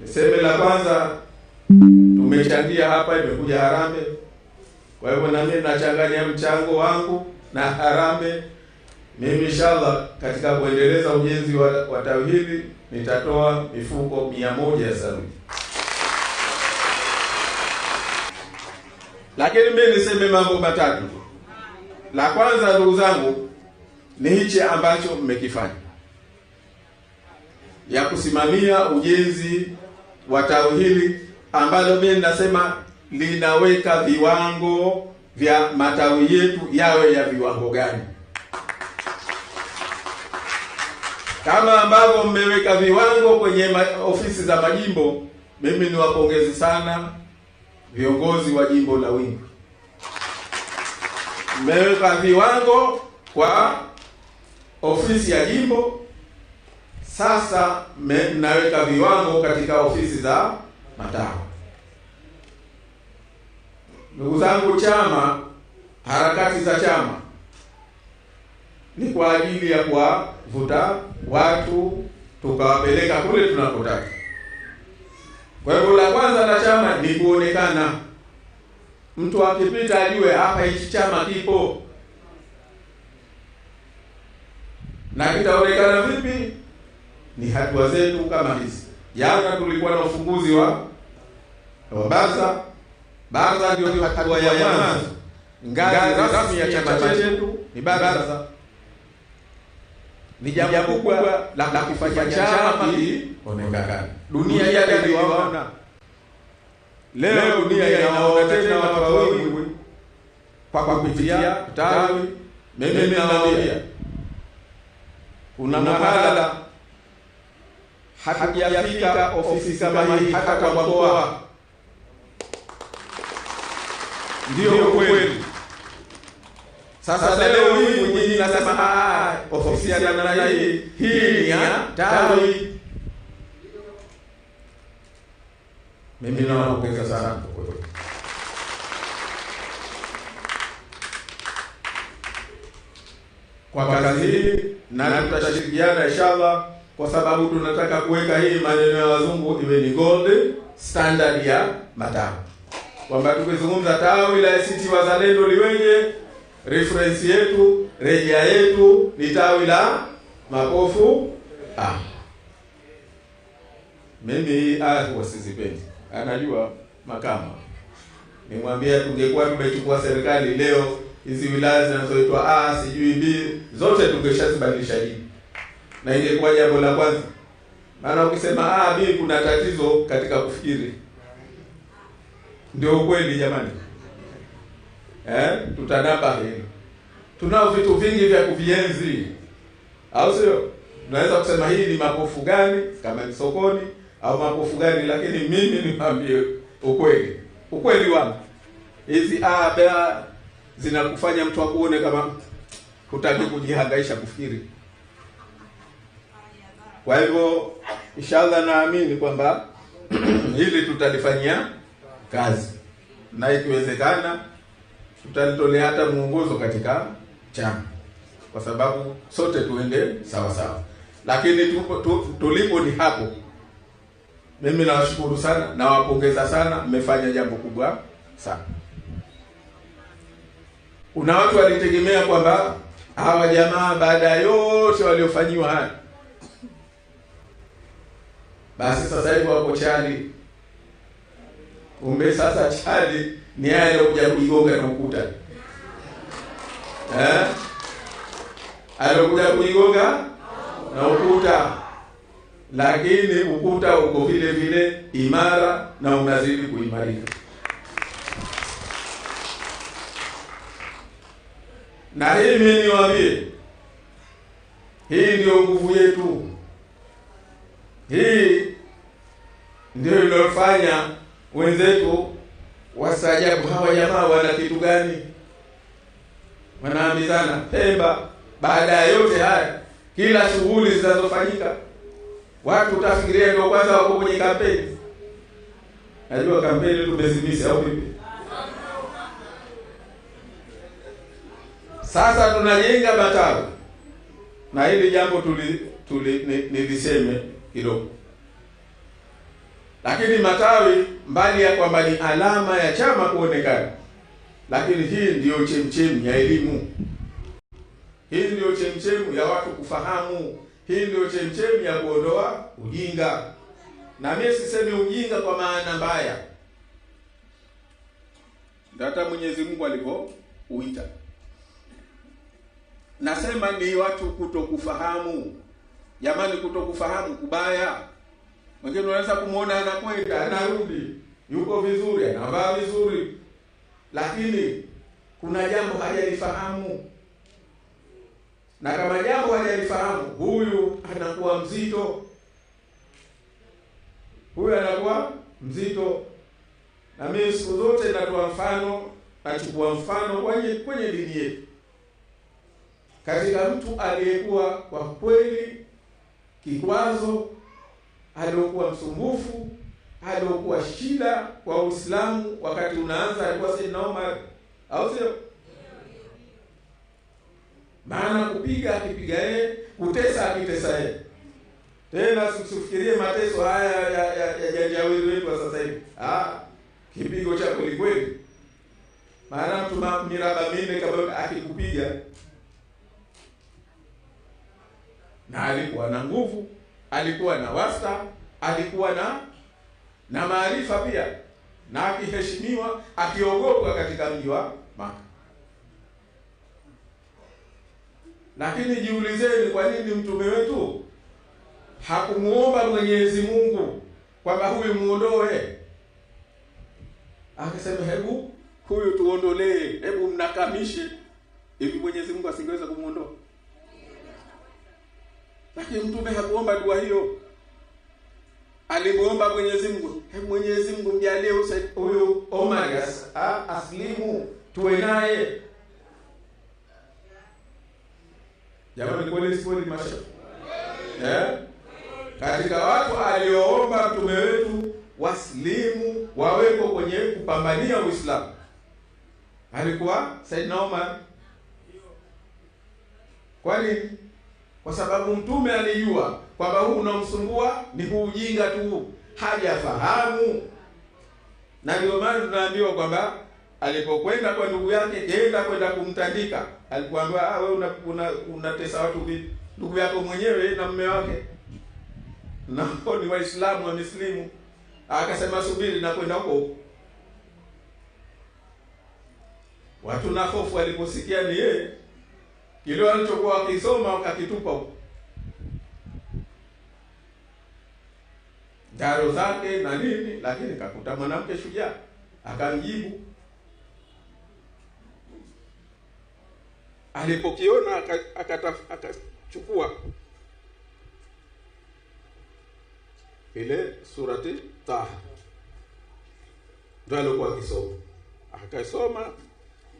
Niseme la kwanza, tumechangia hapa, imekuja harambe Kwa hivyo na mimi nachanganya mchango wangu na harambe Mimi inshallah katika kuendeleza ujenzi wa, wa tawi hili nitatoa mifuko mia moja ya saruji. Lakini mimi niseme mambo matatu. La kwanza, ndugu zangu, ni hichi ambacho mmekifanya ya kusimamia ujenzi wa tawi hili ambalo mimi ninasema linaweka viwango vya matawi yetu yawe ya viwango gani, kama ambavyo mmeweka viwango kwenye ofisi za majimbo. Mimi niwapongeze sana viongozi wa jimbo la Wingi, mmeweka viwango kwa ofisi ya jimbo sasa mnaweka viwango katika ofisi za matawi. Ndugu zangu, chama, harakati za chama ni kwa ajili ya kuwavuta watu tukawapeleka kule tunakotaka. Kwa hivyo, la kwanza la chama ni kuonekana, mtu akipita ajue hapa hichi chama kipo. Na kitaonekana vipi? ni hatua zetu kama hizi. Jana tulikuwa na ufunguzi wa wa baza baza, ndio hatua ya mwanzo, ngazi rasmi ya chama chetu ni baza. Ni jambo kubwa la kufanya chama onekana Dunia yake iliwaona, leo dunia inaona tena watu wengi kwa kupitia tawi. Mimi nawaambia kuna mahala hatujafika ofisi kama hii hata kwa mkoa. Ndio kweli. Sasa leo hii mwenyeji nasema ah, ah, ofisi ya namna hii hii ni ya tawi. Mimi nawapongeza sana kwa kweli. Kwa kazi hii na tutashirikiana inshallah kwa sababu tunataka kuweka hii maneno ya wazungu iwe ni gold standard ya matawi, kwamba tukizungumza tawi la ACT Wazalendo liweje, reference yetu, rejea yetu ni tawi la makofu ah. Mimi huwa sizipendi, anajua makama nimwambia, tungekuwa tumechukua serikali leo, hizi wilaya zinazoitwa a sijui b zote tungeshazibadilisha hii na ingekuwa jambo la kwanza. Maana ukisema ah, mimi kuna tatizo katika kufikiri, ndio ukweli jamani. Eh, tutanamba hili, tunao vitu vingi vya kuvienzi, au sio? Tunaweza kusema hii ni mapofu gani, kama ni sokoni au mapofu gani, lakini mimi niwaambie ukweli, ukweli wangu hizi ah, zinakufanya mtu akuone kama hutaki kujihangaisha kufikiri. Kwa hivyo inshallah, naamini kwamba hili tutalifanyia kazi na ikiwezekana tutalitolea hata mwongozo katika chama, kwa sababu sote tuende sawa sawa, lakini tupo, tu, tulipo ni hapo. Mimi nawashukuru sana, nawapongeza sana, mmefanya jambo kubwa sana. Kuna watu walitegemea kwamba hawa jamaa baada ya yote waliofanyiwa haya basi sasa hivi wako chali Kumbe sasa chali ni haya aliyokuja kuigonga na ukuta eh? Aliyokuja kuigonga na ukuta, lakini ukuta uko vile vile imara na unazidi kuimarika. Na hii mimi niwaambie, hii ndio nguvu yetu hii ndio iliyofanya wenzetu wasajabu hawa jamaa wana kitu gani? Wanaambizana Pemba. Baada ya yote haya, kila shughuli zinazofanyika, watu utafikiria ndio kwanza wako kwenye kampeni. Najua kampeni tumezimisi au vipi? Sasa tunajenga matawi, na hili jambo tuli, tuli niliseme ni kidogo lakini matawi mbali ya kwamba ni alama ya chama kuonekana, lakini hii ndiyo chemchemi ya elimu, hii ndiyo chemchemu ya watu kufahamu, hii ndiyo chemchemi ya kuondoa ujinga. Na mimi sisemi ujinga kwa maana mbaya, hata Mwenyezi Mungu alipouita nasema ni watu kutokufahamu. Jamani, kutokufahamu kubaya Mwingine unaweza kumwona anakwenda, anarudi, yuko vizuri, anavaa vizuri, lakini kuna jambo hajalifahamu, na kama jambo hajalifahamu, huyu anakuwa mzito, huyu anakuwa mzito. Na mimi siku zote natoa mfano, nachukua mfano kwenye kwenye dini yetu katika mtu aliyekuwa kwa kweli kikwazo aliokuwa msumbufu, aliokuwa shida kwa Uislamu wakati unaanza alikuwa Sayyidina Omar, au sio? Maana kupiga akipiga yeye, kutesa akitesa yeye. Tena usifikirie mateso haya ya ya janjawili wetu wa sasa hivi, ah, kipigo cha kweli kweli. Maana mtu miraba minne kama akikupiga, na alikuwa na nguvu alikuwa na wasta, alikuwa na na maarifa pia, na akiheshimiwa, akiogopwa katika mji wa Maka. Lakini jiulizeni, kwa nini mtume wetu hakumuomba Mwenyezi Mungu kwamba huyu muondoe? Akasema, hebu huyu tuondolee, hebu mnakamishe. Hivi Mwenyezi Mungu asingeweza kumuondoa? lakini mtume hakuomba dua hiyo. Alimuomba Mwenyezi Mungu, he, Mwenyezi Mungu mjalie huyu Omar as, aslimu tuwe naye. Jamani, kweli siponi masha eh? Katika watu alioomba mtume wetu waslimu waweko kwenye kupambania Uislamu alikuwa Saidina Omar. Kwa kwa sababu Mtume alijua kwamba huu unamsumbua ni huu ujinga tu, hajafahamu. Na ndio maana tunaambiwa kwamba alipokwenda kwa ndugu yake, enda kwenda kumtandika, alikuambia ah, wewe una, una, una watu vipi? Ndugu yako mwenyewe na mume wake nao ni Waislamu wa wamesilimu. Akasema subiri, nakwenda huko. Watu na hofu waliposikia ni yeye kile walichokuwa wakisoma wakakitupa huko daro zake na nini, lakini kakuta mwanamke shujaa akamjibu. Alipokiona akachukua ile surati Taha ndio alikuwa akisoma, akasoma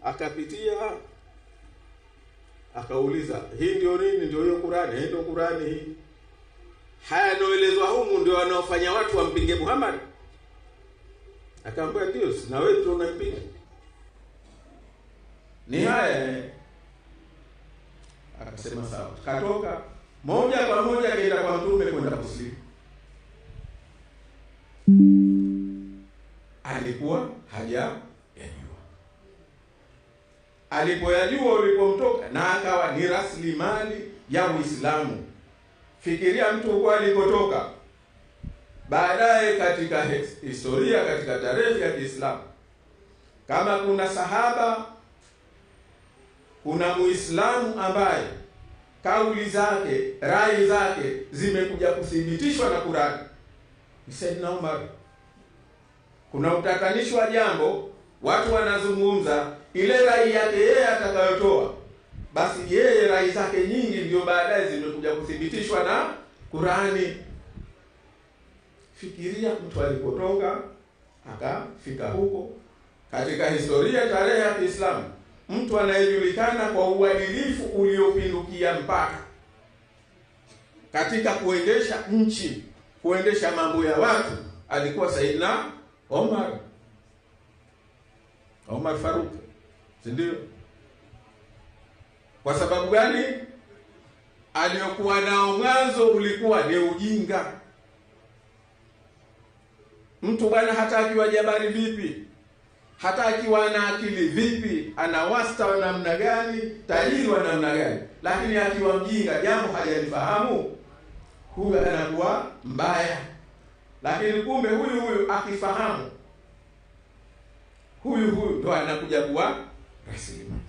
akapitia akauliza hii ndio nini? Ndio hiyo Qurani? Hii ndio Qurani hii? Haya yanayoelezwa humu ndio wanaofanya watu wampinge Muhammad? Akaambia ndio, na wewe ndio Ni haya akasema sawa, katoka moja kwa moja akaenda kwa mtume kwenda kusilimu. Alikuwa haja alipoyajua ulipomtoka na akawa ni rasilimali ya Uislamu. Fikiria mtu huko alikotoka, baadaye katika historia, katika tarehe ya Kiislamu, kama kuna sahaba, kuna Muislamu ambaye kauli zake, rai zake zimekuja kuthibitishwa na Qur'ani, ni Saidna Umar. Kuna utakanishwa jambo, watu wanazungumza ile rai yake yeye atakayotoa, basi yeye rai zake nyingi ndio baadaye zimekuja kuthibitishwa na Qur'ani. Fikiria mtu alipotoka akafika huko. Katika historia tarehe ya Kiislamu, mtu anayejulikana kwa uadilifu uliopindukia mpaka katika kuendesha nchi, kuendesha mambo ya watu alikuwa Saidna Omar Omar Faruk si ndio? Kwa sababu gani? Aliyokuwa nao mwanzo ulikuwa ni ujinga. Mtu bwana, hata akiwa jabari vipi, hata akiwa na akili vipi, ana wasta wa namna gani, tajiri wa namna gani, lakini akiwa mjinga, jambo hajalifahamu, huyu anakuwa mbaya. Lakini kumbe huyu huyu akifahamu, huyu huyu ndo anakuja kuwa receive